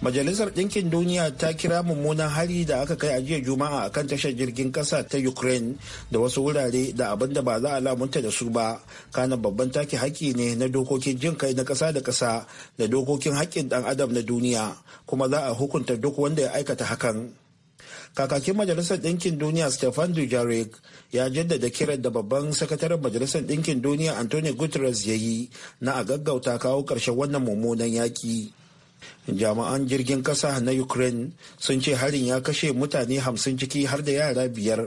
majalisar ɗinkin duniya ta kira mummunan hari da aka kai a jiya juma'a akan tashar jirgin ƙasa ta ukraine da wasu wurare da abin da ba za a lamunta da su ba kana babban take haƙƙi ne na dokokin jin kai na ƙasa da ƙasa da dokokin haƙƙin ɗan adam na duniya kuma za a hukunta duk wanda ya aikata hakan kakakin majalisar ɗinkin duniya stefan dujarric ya jaddada kiran da babban sakataren majalisar ɗinkin duniya antonio guterres ya yi na a gaggauta kawo ƙarshen wannan mummunan yaƙi jami'an jirgin kasa na ukraine sun ce harin ya kashe mutane hamsin ciki har da yara biyar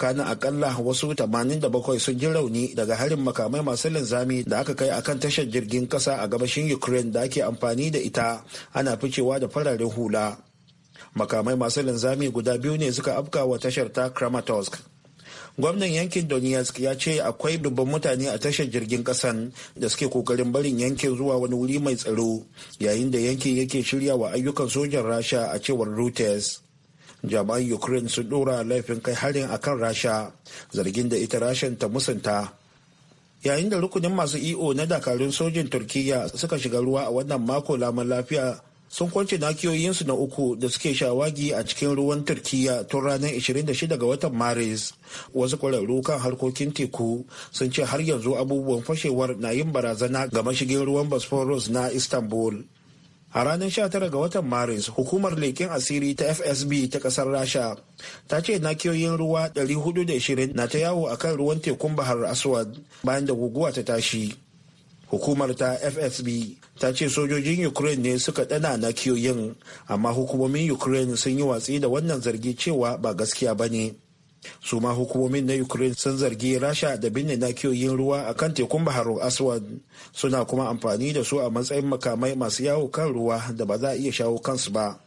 kana akalla wasu 87 sun ji rauni daga harin makamai masu linzami da aka kai akan tashar jirgin kasa a gabashin ukraine da ake amfani da ita ana ficewa da fararen hula makamai masu linzami guda biyu ne suka afka wa tashar ta kramatorsk gwamnan yankin donetsk ya ce akwai dubban mutane a tashar jirgin kasan da suke kokarin barin yankin zuwa wani wuri mai tsaro yayin da yankin yake shirya wa ayyukan sojan rasha a cewar reuters jami'an ukraine sun dora laifin kai harin akan rasha zargin da ita rashin ta musanta yayin da rukunin masu iyo e na dakarun sojin turkiyya suka shiga ruwa a wannan mako laman lafiya sun kwance nakiyoyinsu na uku da suke shawagi a cikin ruwan turkiya tun ranar 26 ga watan maris wasu kwararru kan harkokin teku sun ce har yanzu abubuwan fashewar na yin barazana ga mashigin ruwan bosphorus na istanbul a ranar 19 ga watan maris hukumar leƙen asiri ta fsb ta ƙasar rasha ta ce nakiyoyin ruwa 420 na ta yawo akan ruwan tekun bahar aswad bayan da guguwa ta tashi hukumar ta fsb ta ce sojojin ukraine ne suka dana na kiyoyin amma hukumomin ukraine sun yi watsi da wannan zargi cewa ba gaskiya ba ne su ma hukumomin na ukraine sun zargi rasha da binne na kiyoyin ruwa a kan tekun baharun aswad suna kuma amfani da su a matsayin makamai masu yawo kan ruwa da ba za a iya shawo kansu ba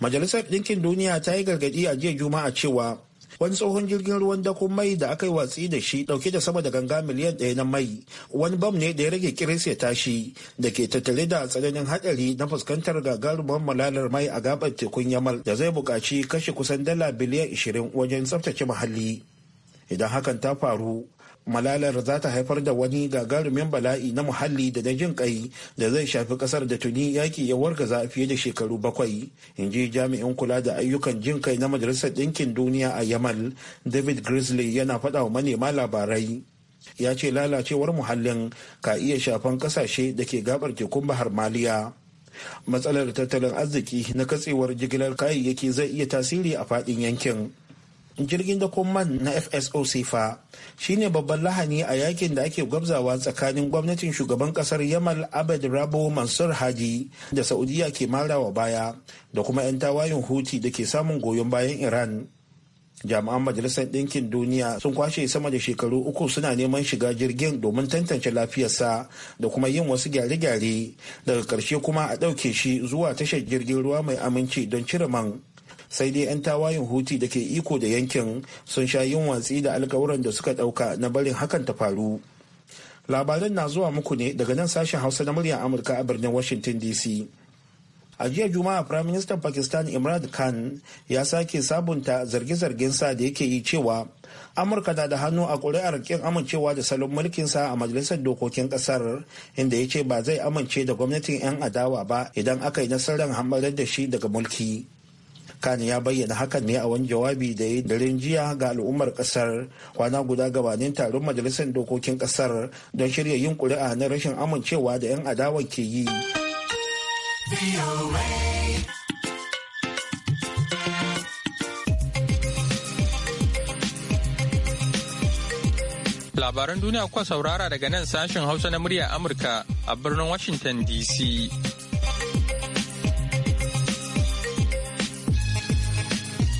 majalisar ɗinkin duniya ta yi gargaɗi a jiya juma'a cewa wani tsohon jirgin ruwan dako mai da aka yi watsi da shi dauke da sama da ganga miliyan ɗaya na mai wani bam ne da ya rage kiris ya tashi da ke tattare da tsananin hadari na fuskantar gagarumar malalar mai a gabar tekun yamal da zai buƙaci kashe kusan dala biliyan 20 wajen tsaftace muhalli idan hakan ta faru malalar za ta haifar da wani gagarumin bala'i na muhalli da na jin kai da zai shafi kasar da tuni yaki ya wargaza fiye da shekaru bakwai in ji jami'in kula da ayyukan jin kai na majalisar ɗinkin duniya a yamal david grizzly yana faɗa wa manema labarai ya ce lalacewar muhallin ka iya shafan kasashe da ke gabar tekun bahar maliya matsalar tattalin arziki na katsewar jigilar kayayyaki zai iya tasiri a faɗin yankin jirgin dakon man na fso sefa shine babban lahani a yakin da ake gwabzawa tsakanin gwamnatin shugaban kasar yamal abed rabo mansur haji da saudiya ke marawa baya da kuma 'yan tawayin huti da ke samun goyon bayan iran jami'an majalisar ɗinkin duniya sun kwashe sama da shekaru uku suna neman shiga jirgin domin tantance lafiyarsa da kuma yin wasu gyare-gyare daga ƙarshe kuma a ɗauke shi zuwa tashar jirgin ruwa mai aminci don cire man sai dai 'yan tawayin huti da ke iko da yankin sun sha yin watsi da alkawuran da suka ɗauka na barin hakan ta faru labaran na zuwa muku ne daga nan sashen hausa na muryar amurka a birnin washington dc a jiya juma'a prime minister pakistan imran khan ya sake sabunta zarge-zargensa da yake yi cewa amurka na da hannu a kuri'ar kin amincewa da salon mulkin sa a majalisar dokokin kasar inda ya ce ba zai amince da gwamnatin 'yan adawa ba idan aka yi nasarar hamarar da shi daga mulki kani ya bayyana hakan ne a wani jawabi da ya daren jiya ga al'ummar kasar kwana guda gabanin taron majalisar dokokin kasar don shirya yin kuri'a na rashin amincewa da 'yan adawa ke yi labaran duniya kuwa saurara daga nan sashen hausa na murya amurka a birnin washington dc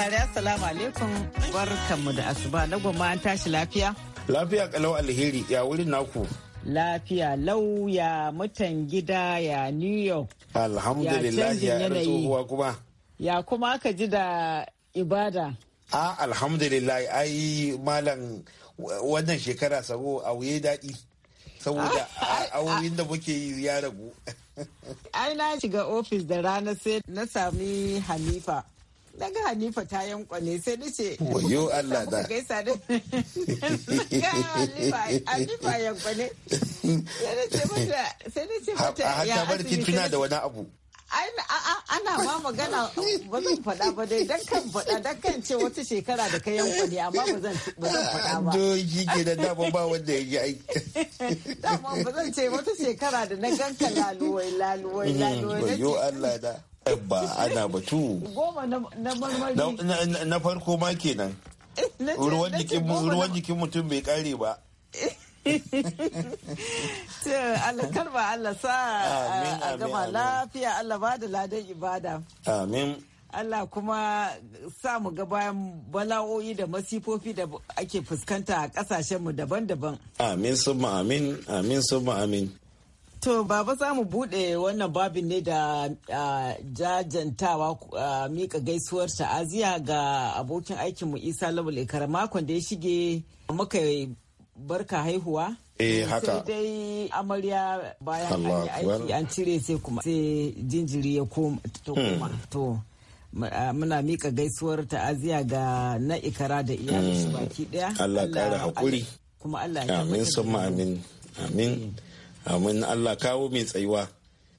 saurari assalamu alaikum barkanmu da asuba na goma an tashi lafiya. Lafiya kalau alheri ya wurin naku. Lafiya lau ya mutan gida ya New York. Alhamdulillah ya tsohuwa kuma. Ya kuma aka ji da ibada. A alhamdulillah ai malam wannan shekara sabo a wuye daɗi. Saboda a wurin da muke yi ya ragu. Ai na shiga ofis da rana sai na sami Hanifa. daga Hanifa ta ne sai da ce wayo Allah da gaisa da Hanifa yankwane sai da ce mata sai da ce mata ya ta bar kin tuna da wani abu ana ma magana ba zan faɗa ba dai dan kan faɗa dan kan ce wata shekara da ka ne amma ba zan ba faɗa ba to shi ke da dama ba wanda ya yi aiki dama ba zan ce wata shekara da na ganka laluwai laluwai mm, laluwai yo Allah da ba ana batu na farko ma kenan eh, ruwan jikin mutum bai kare ba alkar ba Allah sa a gama lafiya Allah ba da ladan ibada amin Allah kuma sa mu ga bayan bala'o'i da masifofi da ake fuskanta a kasashenmu daban-daban. Amin summa amin, amin summa amin. To baba za mu bude wannan babin ne da jajantawa mika gaisuwar ta'aziya ga abokin aikinmu Isa Lawal Ikara makon da ya shige muka barka haihuwa. Eh haka. Sai dai amarya bayan an aiki an cire sai kuma sai jinjiri ya koma. Hmm. To muna mika gaisuwar ta'aziya ga na ikara da iyalin shi hmm. baki daya. Allah kara hakuri. Kuma Allah ya Amin sun amin. Amin. Hmm. amin allah kawo mai tsayuwa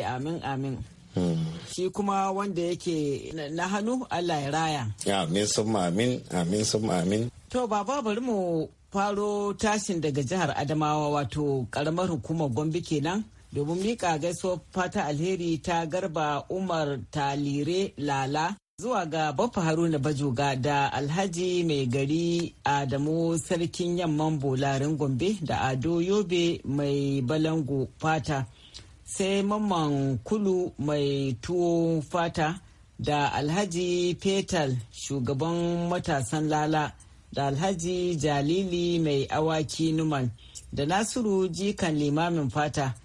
amin amin hmm. shi kuma wanda yake na hannu allah ya raya amin sun amin amin sun amin to baba bari mu faro tashin daga jihar adamawa wato karamar hukumar gombe kenan domin mika gaisuwar fata alheri ta garba umar talire lala zuwa ga Bafa Haruna Bajoga da Alhaji mai gari Adamu Sarkin Yamman Bolarin Gombe da Ado Yobe mai Balango Fata, sai Mamman Kulu mai Tuwo Fata da Alhaji Petal Shugaban Matasan Lala da Alhaji Jalili mai Awaki Numan da Nasiru Jikan Limamin Fata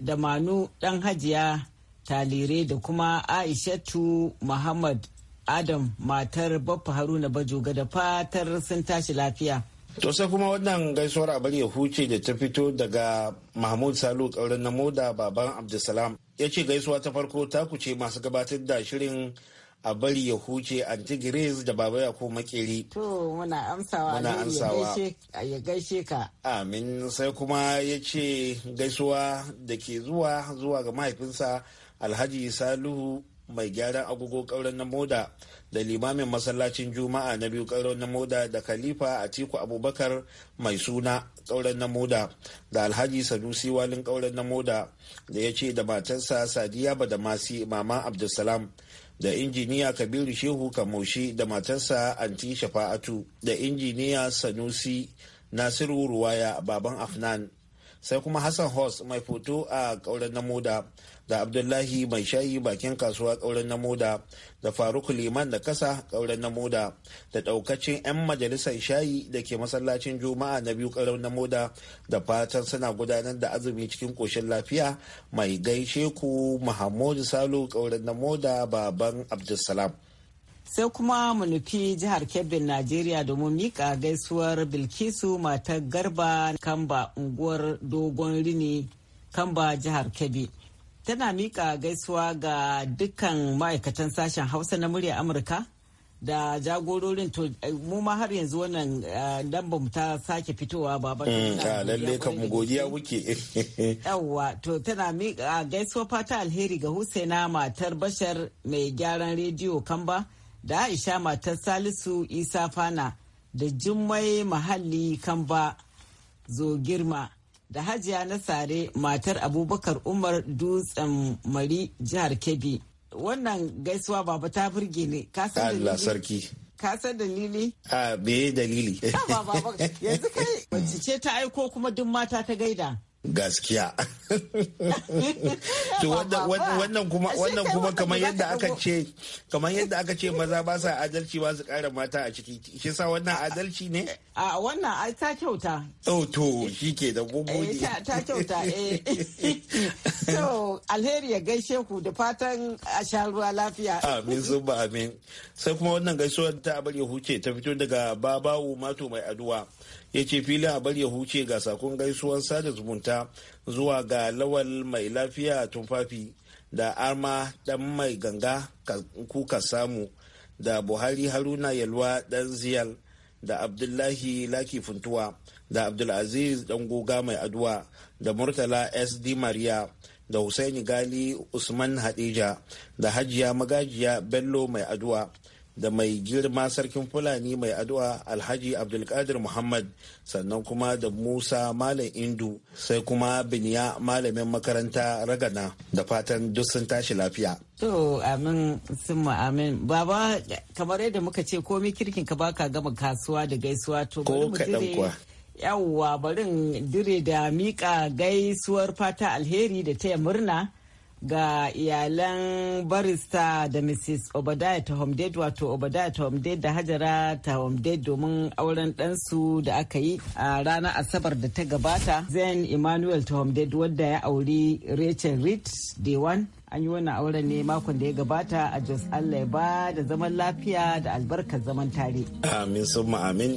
da Manu Ɗan Hajiya Talire da kuma Aishatu Muhammad adam matar baffa haruna bajoga da fatar sun tashi lafiya to sai kuma wannan gaisuwar abar ya huce da ta fito daga mahmud salu ƙauren na moda baban abdulsalam ya ce gaisuwa ta farko ta kuce masu gabatar da shirin a bari ya huce anti da baba ya ko makeri to muna amsawa muna amsawa ya gaishe ka amin sai kuma ya ce gaisuwa da ke zuwa zuwa ga mahaifinsa alhaji saluhu mai gyaran agogo ƙauren na moda da limamin masallacin juma'a na biyu kauran na moda da khalifa a tiku abubakar mai suna ƙauren na moda da alhaji sanusi walin ƙauren na moda da ya ce da matarsa sadiya badamasi mama abdulsalam da injiniya kabiru shehu kamoshi da matarsa anti shafa'atu da injiniya sanusi nasiru ruwaya baban afnan sai kuma hassan hos mai foto a ƙauren namoda da abdullahi mai shayi bakin kasuwa ƙauren namoda da faruk liman da kasa ƙauren namoda da ɗaukacin 'yan majalisar shayi da ke masallacin juma'a na biyu kauren namoda da fatan suna gudanar da azumi cikin koshin lafiya mai gaishe ku mahmud salo kauren namoda baban abdulsalam sai kuma mu nufi jihar kebbin najeriya domin mika gaisuwar bilkisu matar garba kamba unguwar dogon rini kamba jihar kebbi tana mika gaisuwa ga dukkan ma'aikatan sashen hausa na murya amurka da jagororin to mu ma har yanzu wannan dan eh, ta sake fitowa ba ba mm, ah, lalle kan mu godiya wuke yawa to tana mika gaisuwa fata alheri ga husaina matar bashar mai gyaran rediyo kamba da aisha matar salisu isa fana da jummai mahalli kamba girma da hajiya na Sare matar abubakar umar dutsen mari jihar kebbi wannan gaisuwa baba ta burge ne sarki dalili a be dalili yanzu kai mace ce ta aiko kuma duk mata ta gaida gaskiya to wannan kuma wannan kuma kamar yadda aka ce kamar yadda aka ce maza ba sa adalci ba su kara mata a ciki shi sa wannan adalci ne a wannan ai ta kyauta oh to shike da eh ta kyauta eh so alheri ya gaishe ku da fatan a sha ruwa lafiya amin ba amin sai kuma wannan gaisuwar ta bari huce ta fito daga babawu mato mai aduwa ya ce fili a bar ya huce ga sakon gaisuwan sada zumunta zuwa ga lawal mai lafiya tumfafi da arma dan mai ganga kuka samu da buhari haruna yalwa dan ziyal da abdullahi laki funtuwa da abdulaziz dan goga mai aduwa da murtala sd maria da Hussaini Gali Usman Hadija da Hajiya Magajiya Bello Mai Aduwa da mai girma sarkin fulani mai addu'a alhaji abdulkadir muhammad sannan kuma da musa malam indu sai kuma biniya malamin makaranta ragana da fatan duk sun tashi lafiya to amin sun amin baba kamar yadda muka ce komi kirkin ka baka gama kasuwa da gaisuwa to ko kaɗan kuwa yawwa barin dire da miƙa gaisuwar fata alheri da taya murna ga iyalan barista da mrs obadiah tahomdade wato obadiah tahomdade da hajara tahomdade domin auren ɗansu da aka yi a ranar asabar da ta gabata zen emmanuel tahomdade wadda ya auri rachel reed one an yi wannan auren ne makon da ya gabata a jos allah ya ba da zaman lafiya da albarkar zaman tare amin sun amin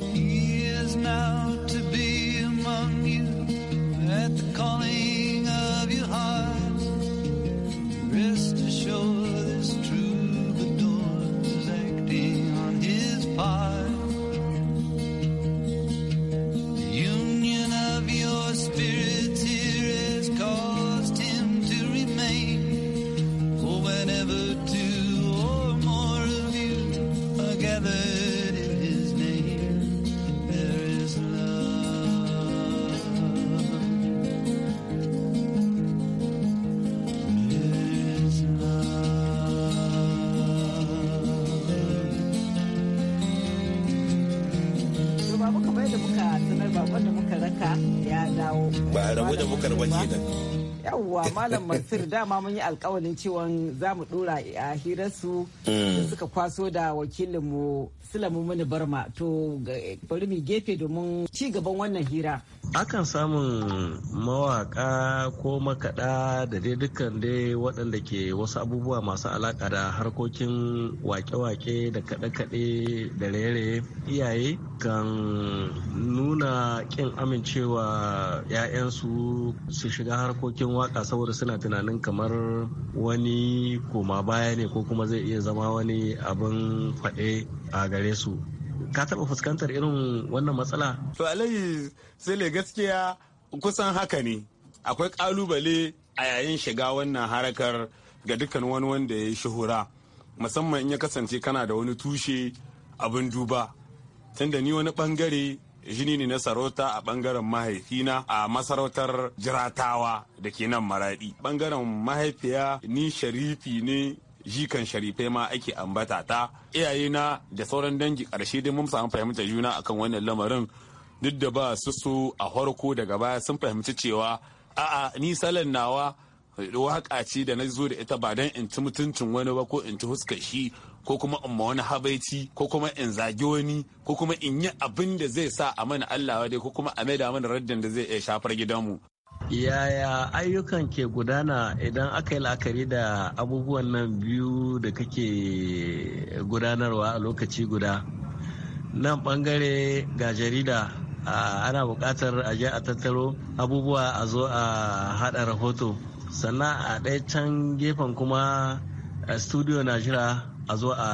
Rest assured, this troubadour is acting on his part. The union of your spirits here has caused him to remain for whenever to. yawwa malam mansur dama mun yi alkawalin cewa za mu dora a hirarsu mm. da suka kwaso da wakilinmu sulamu Mani barma to bari mu gefe domin ci gaban wannan hira akan samun mawaka ko makaɗa da dai dukkan dai waɗanda ke wasu abubuwa masu alaƙa da harkokin wake-wake da kaɗe-kaɗe da raye-raye iyaye kan nuna ƙin amincewa 'ya'yansu su shiga harkokin waka saboda suna tunanin kamar wani koma baya ne ko kuma zai iya zama wani abin faɗe a gare su ka taɓa fuskantar irin wannan matsala? To Alayi Sele gaskiya kusan haka ne. Akwai kalubale a yayin shiga wannan harakar ga dukkan wani wanda ya yi shahura Musamman in ya kasance kana da wani tushe abin duba. Tunda ni wani ɓangare jini ne na sarauta a bangaren mahaifina a masarautar jiratawa da ke nan maraɗi. bangaren mahaifiya ni sharifi ne jikan sharifai ma ake ambata ta iyayena da sauran dangi ƙarshe dai mun samu fahimtar juna akan wannan lamarin duk da ba su su a farko daga baya sun fahimci cewa a'a ni salon nawa waka ce da na zo da ita ba don in ci mutuncin wani ba ko in ci huskar shi ko kuma in ma wani habaici ko kuma in zagi wani ko kuma in yi abin da zai sa a mana Allah dai ko kuma a maida mana raddan da zai iya shafar gidanmu yaya ayyukan ke gudana idan aka yi la'akari da abubuwan nan biyu da kake gudanarwa a lokaci guda nan bangare ga jarida ana bukatar a je a tattaro abubuwa a zo a haɗa rahoto sannan a ɗaya can gefen kuma studio na jira a zo a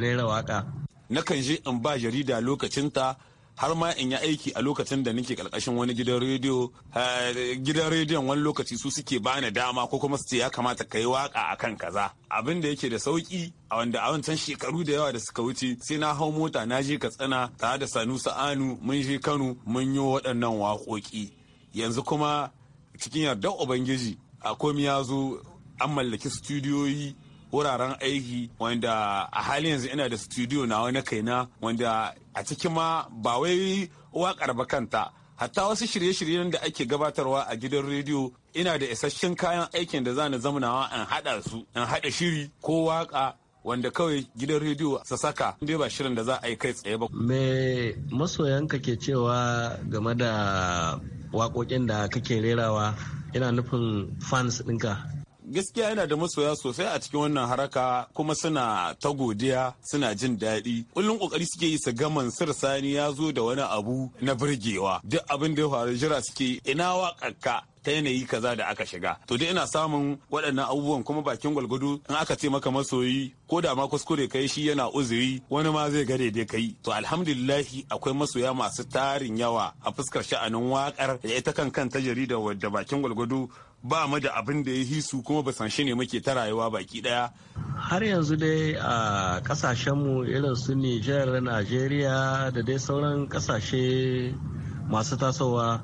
rera waka nakan je in ba jarida lokacinta har ma in yi aiki a lokacin da nake karkashin wani gidan rediyo eh, gidan rediyon wani lokaci su suke bani dama ko kuma su ce ya kamata ka yi waka kan kaza abin da yake da sauki a wanda a wancan shekaru da yawa da suka wuce sai na hau mota na je katsina tare da sanu sa'anu mun je kano mun yi waɗannan waƙoƙi yanzu kuma cikin yardar ubangiji a komi ya zo an mallaki studiyoyi wuraren aiki wanda a halin yanzu ina da studio na wani kaina wanda a cikin ma ba wai waƙar ba kanta hatta wasu shirye-shiryen da ake gabatarwa a gidan rediyo ina da isasshen kayan aikin da zani zamanawa in haɗa su in haɗa shiri ko waƙa wanda kawai gidan rediyo su saka dai ba shirin da za a yi kai tsaye ba. Me masoyanka ke cewa game da waƙoƙin da kake rerawa ina nufin fans ɗinka gaskiya yana da masoya sosai a cikin wannan haraka kuma suna ta godiya suna jin daɗi kullum kokari suke yi su gaman sir sani ya zo da wani abu na birgewa duk abin da ya faru jira suke ina waƙarka ta yanayi kaza da aka shiga to dai ina samun waɗannan abubuwan kuma bakin gwalgwado in aka ce maka masoyi ko da ma kuskure kai shi yana uzuri wani ma zai gare dai kai to alhamdulillahi akwai masoya masu tarin yawa a fuskar sha'anin wakar da ita kan ta jarida da bakin gwalgwado ba mu da abin da ya hisu kuma ba san shi ne muke ta rayuwa baki daya har yanzu dai a kasashenmu irin su niger nigeria da dai sauran kasashe masu tasowa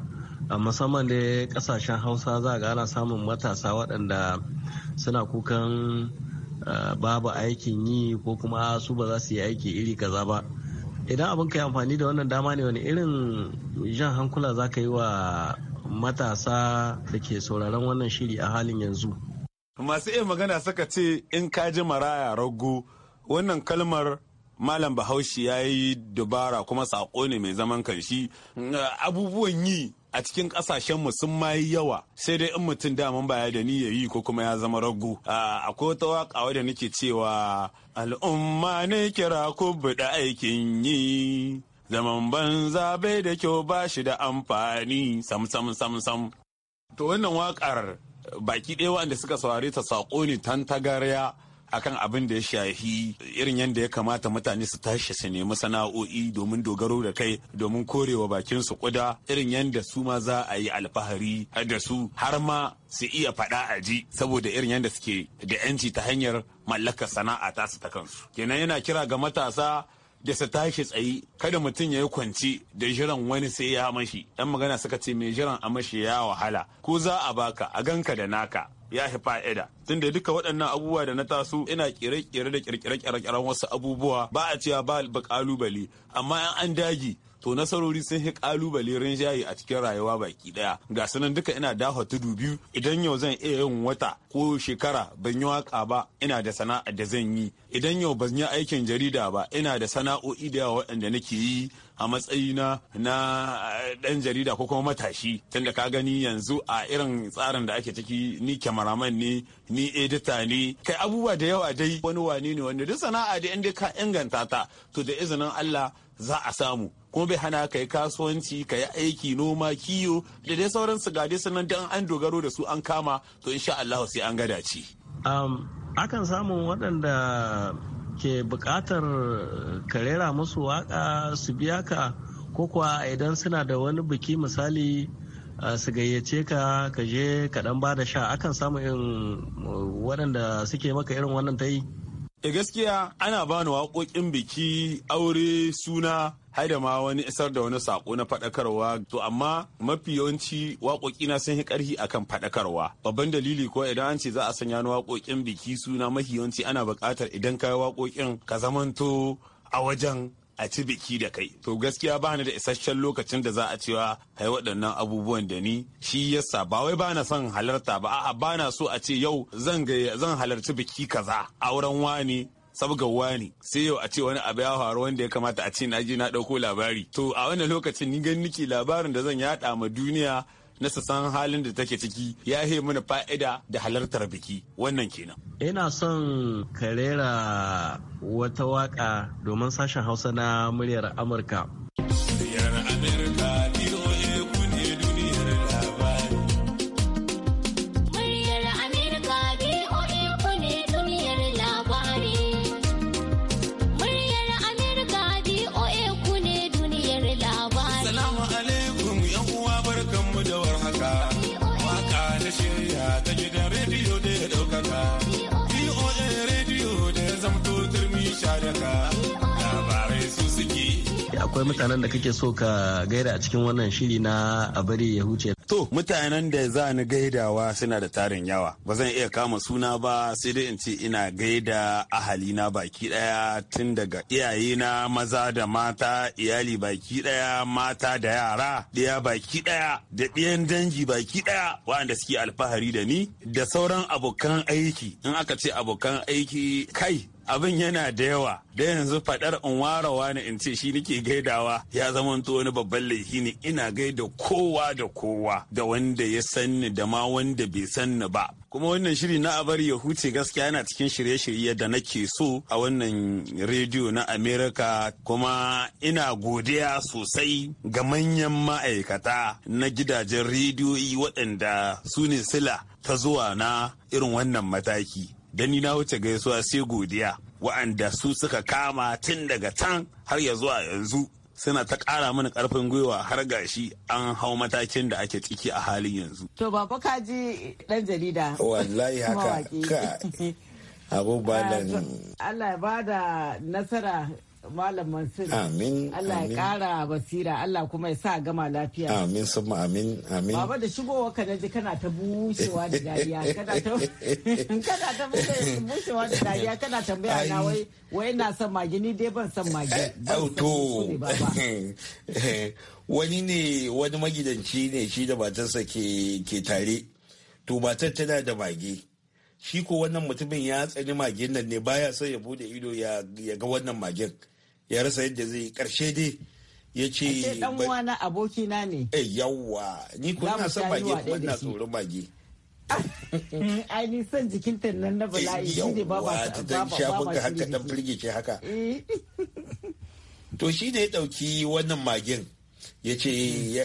a musamman da kasashen hausa za ga ana samun matasa waɗanda suna kukan babu aikin yi ko kuma su ba za su yi aiki iri kaza ba idan abin ka yi amfani da wannan dama ne wani irin jan hankula za ka yi wa matasa da ke sauraron wannan shiri a halin yanzu. Masu iya magana suka ce in ka ji maraya ragu, wannan kalmar Malam Bahaushe ya yi dubara kuma saƙo ne mai zaman kanshi abubuwan yi a cikin ƙasashenmu sun ma yawa sai dai in mutum daman baya da ni ya yi ko kuma ya zama ragu akwai wata waƙa wadda nake cewa al'umma ne kira ku buɗe aikin yi zaman banza bai da kyau ba shi da amfani sam sam sam sam to wannan wakar baki ɗaya wanda suka saurare ta saƙo ne tan tagarya akan abin da ya shahi irin yadda ya kamata mutane su tashi su nemi sana'o'i domin dogaro da kai domin korewa bakin su kuda irin yadda su ma za a yi alfahari da su har ma su iya faɗa a ji saboda irin yadda suke da yanci ta hanyar mallakar sana'a ta su ta kansu kenan yana kira ga matasa da su tashi tsaye kada mutum ya yi kwanci da jiran wani sai ya mashi yan magana suka ce mai jiran a mashi ya wahala ko za a baka a ganka da naka ya fi fa'ida tunda duka waɗannan abubuwa da na taso ina kere-kere da kirkire-kirkiren wasu abubuwa ba a cewa ba kalubale amma an dagi to nasarori sun hi kalubale rinjaye a cikin rayuwa baki daya ga sanan duka ina da tudu biyu idan yau zan iya yin wata ko shekara ban yi waka ba ina da sana'a da zan yi idan yau ban yi aikin jarida ba ina da sana'o'i da yawa waɗanda nake yi a matsayina na eh, ɗan jarida ko kuma matashi tunda ka gani yanzu a irin tsarin da ake ciki ni kyamaraman ne ni edita ne kai abubuwa da yawa dai wani wane ne wanda duk sana'a da inda ka inganta ta to da izinin Allah za a samu kuma bai hana ka yi kasuwanci ka yi aiki noma kiyo da dai sauran su gade sannan dan an dogaro da su an kama to insha Allah sai an gada ci um, akan samu waɗanda ke buƙatar ka rera musu waƙa su biya ka ko kuwa idan suna da wani biki misali su gayyace ka ka je ka dan ba da sha akan samu irin waɗanda suke maka irin wannan ta yi E gaskiya ana bani waƙoƙin biki, aure, suna, haida da ma wani isar da wani sako na faɗakarwa to amma mafi yawanci waƙoƙi na sun yi ƙarfi akan faɗakarwa babban dalili ko idan an ce za a sanya ni waƙoƙin biki suna mafi yawanci ana buƙatar idan ka yi waƙoƙin ka zamanto a wajen a ci biki da kai to gaskiya ba da isasshen lokacin da za a cewa kai waɗannan abubuwan da ni shi yasa ba wai ba na son halarta ba a'a ba na so a ce yau zan zan halarci biki kaza auren wani sabga ne sai yau a ce wani abu ya faru wanda ya kamata a ce na je na ɗauko labari to a wannan lokacin ni gan niki labarin da zan yaɗa ma duniya na su halin da take ciki ya yi mana fa'ida da halartar biki wannan kenan. Ina son ka rera wata waka domin sashen Hausa na muryar Amurka. Muryar Amurka akwai mutanen da kake so ka gaida a cikin wannan shiri na a bari ya huce to mutanen da za ni gaidawa suna da tarin yawa ba zan iya kama suna ba sai dai in ce ina gaida ahalina baki daya tun daga iyayena maza da mata iyali baki daya mata da yara ɗaya baki daya da ɗiyan dangi baki daya waɗanda suke alfahari da ni da sauran abokan aiki in aka ce abokan aiki kai abin yana da yawa da yanzu fadar in warawa ne in ce shi nake gaidawa ya zamanto wani babban laifi ne ina gaida kowa da kowa da wanda ya sanni da ma wanda bai sanni ba kuma wannan shiri na abar ya huce gaskiya yana cikin shirye-shirye da nake so a wannan rediyo na america kuma ina godiya sosai ga manyan ma'aikata na gidajen rediyoyi waɗanda su ne sila ta zuwa na irin wannan mataki ni na wuce gaisuwa sai godiya wa'anda su suka kama tun daga can har ya zuwa yanzu suna ta ƙara mana ƙarfin gwiwa har gashi an hau matakin da ake ciki a halin yanzu. To baba ka ji ɗan jarida. Wallahi haka ka abubuwan Allah ya bada nasara Malam Mansur. Amin. Allah ya kara basira, Allah kuma ya sa gama lafiya. Amin, sun amin, amin. Baba da shigowa ka naji kana ta bushewa da dariya, kana ta bushewa da dariya, kana tambaya na wai wai na son magi ni dai ban son magi. Eh, Auto. Eh, wani ne wani magidanci ne shi da matarsa ke ke tare. To matar tana da magi. Shi ko wannan mutumin ya tsani magin nan ne baya son ya bude ido ya ga wannan magin. ya rasa yadda zai yi karshe dai ya ce dan uwana aboki na ne eh yawa ni ko son mage kuma ina tsoron mage ai ni jikin ta nan na bala'i eh, shi ne ba ba ta shafin ka haka dan firgice haka eh. to shi ne ya dauki wannan magen ya ce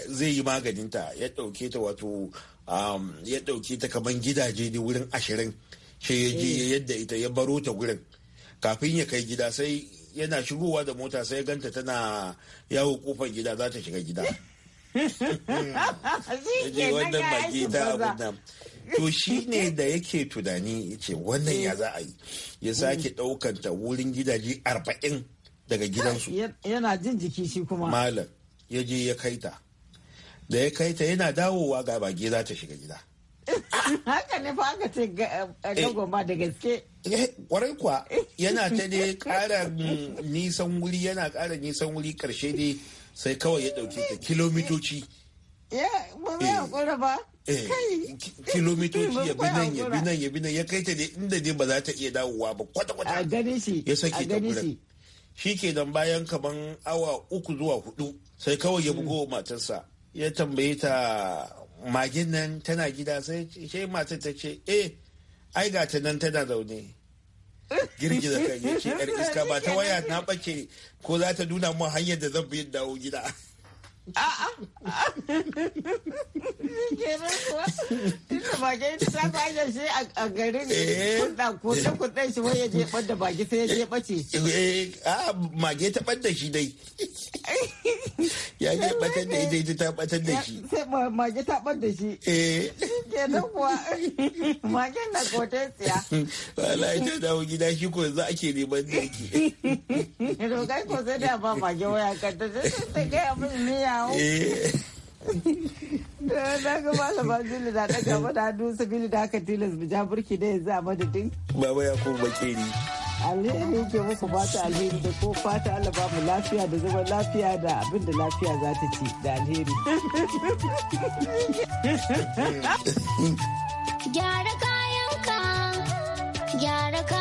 zai yi maganinta ya dauke ta wato ya dauke ta kamar gidaje ne wurin ashirin shi ya je eh. yadda ita ya baro ta gurin kafin ya kai gida sai yana shigowa da mota sai ganta tana yawo kofar gida za ta shiga gida wannan baki ta abin to shi ne da yake tunani ce wannan ya za a yi ya sake ɗaukanta wurin gidaje arba'in daga gidansu yana jin jiki shi kuma malam ya je ya kai ta da ya kai ta yana dawowa ga bage za ta shiga gida haka ne fa aka ce gagon eh. ba da gaske Eh, kwarai kuwa yana ta ne kara nisan wuri yana kara nisan wuri karshe ne. sai kawai ya dauke ta kilomitoci ya eh. eh, kilomitoci ya bi nan ya bi nan ya bi nan ya kai ta dai inda ne ba za ta iya dawowa ba kwata kwata ya sake ta shi ke dan bayan kaman awa uku zuwa hudu sai kawai ya bugo matarsa ya tambaye ta magin nan tana gida sai matar ta ce eh ai ga ta nan tana zaune girgiza kan yake yar iska ba ta waya na bace ko za ta nuna mun hanyar da zan bi dawo gida A'a. Kenan eh, kuwa, ta a ah, garin kuɗa sai A'a mage ta ɓadda shi dai. Ya je ɓatar da ita ita ta ɓatar da shi. Sai mage ta ɓadda shi. Eh. Kenan kuwa mage na kote tsiya. Wala ita wani gida shi ko yanzu ake neman da yake. Rogai ko sai da ba mage waya kan ta ta gaya min miya. dawo eh. Eh, Na ga na eh. da aka tilas burki da yanzu a madadin. Baba ya Alheri da ko fata Allah ba mu lafiya da da abin da lafiya ci da alheri. Gyara kayanka, gyara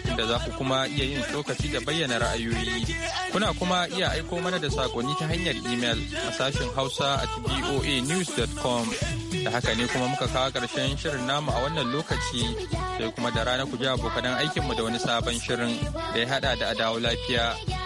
da za ku kuma iya yin lokaci da bayyana ra'ayoyi. Kuna kuma iya aiko mana da sakonni ta hanyar imel a sashen Hausa at voanews.com. Da haka ne kuma muka kawo ƙarshen shirin namu a wannan lokaci sai kuma da rana ku ji abokan aikinmu da wani sabon shirin da ya haɗa da adawo lafiya.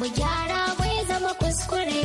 mu gyara bai zama kuskure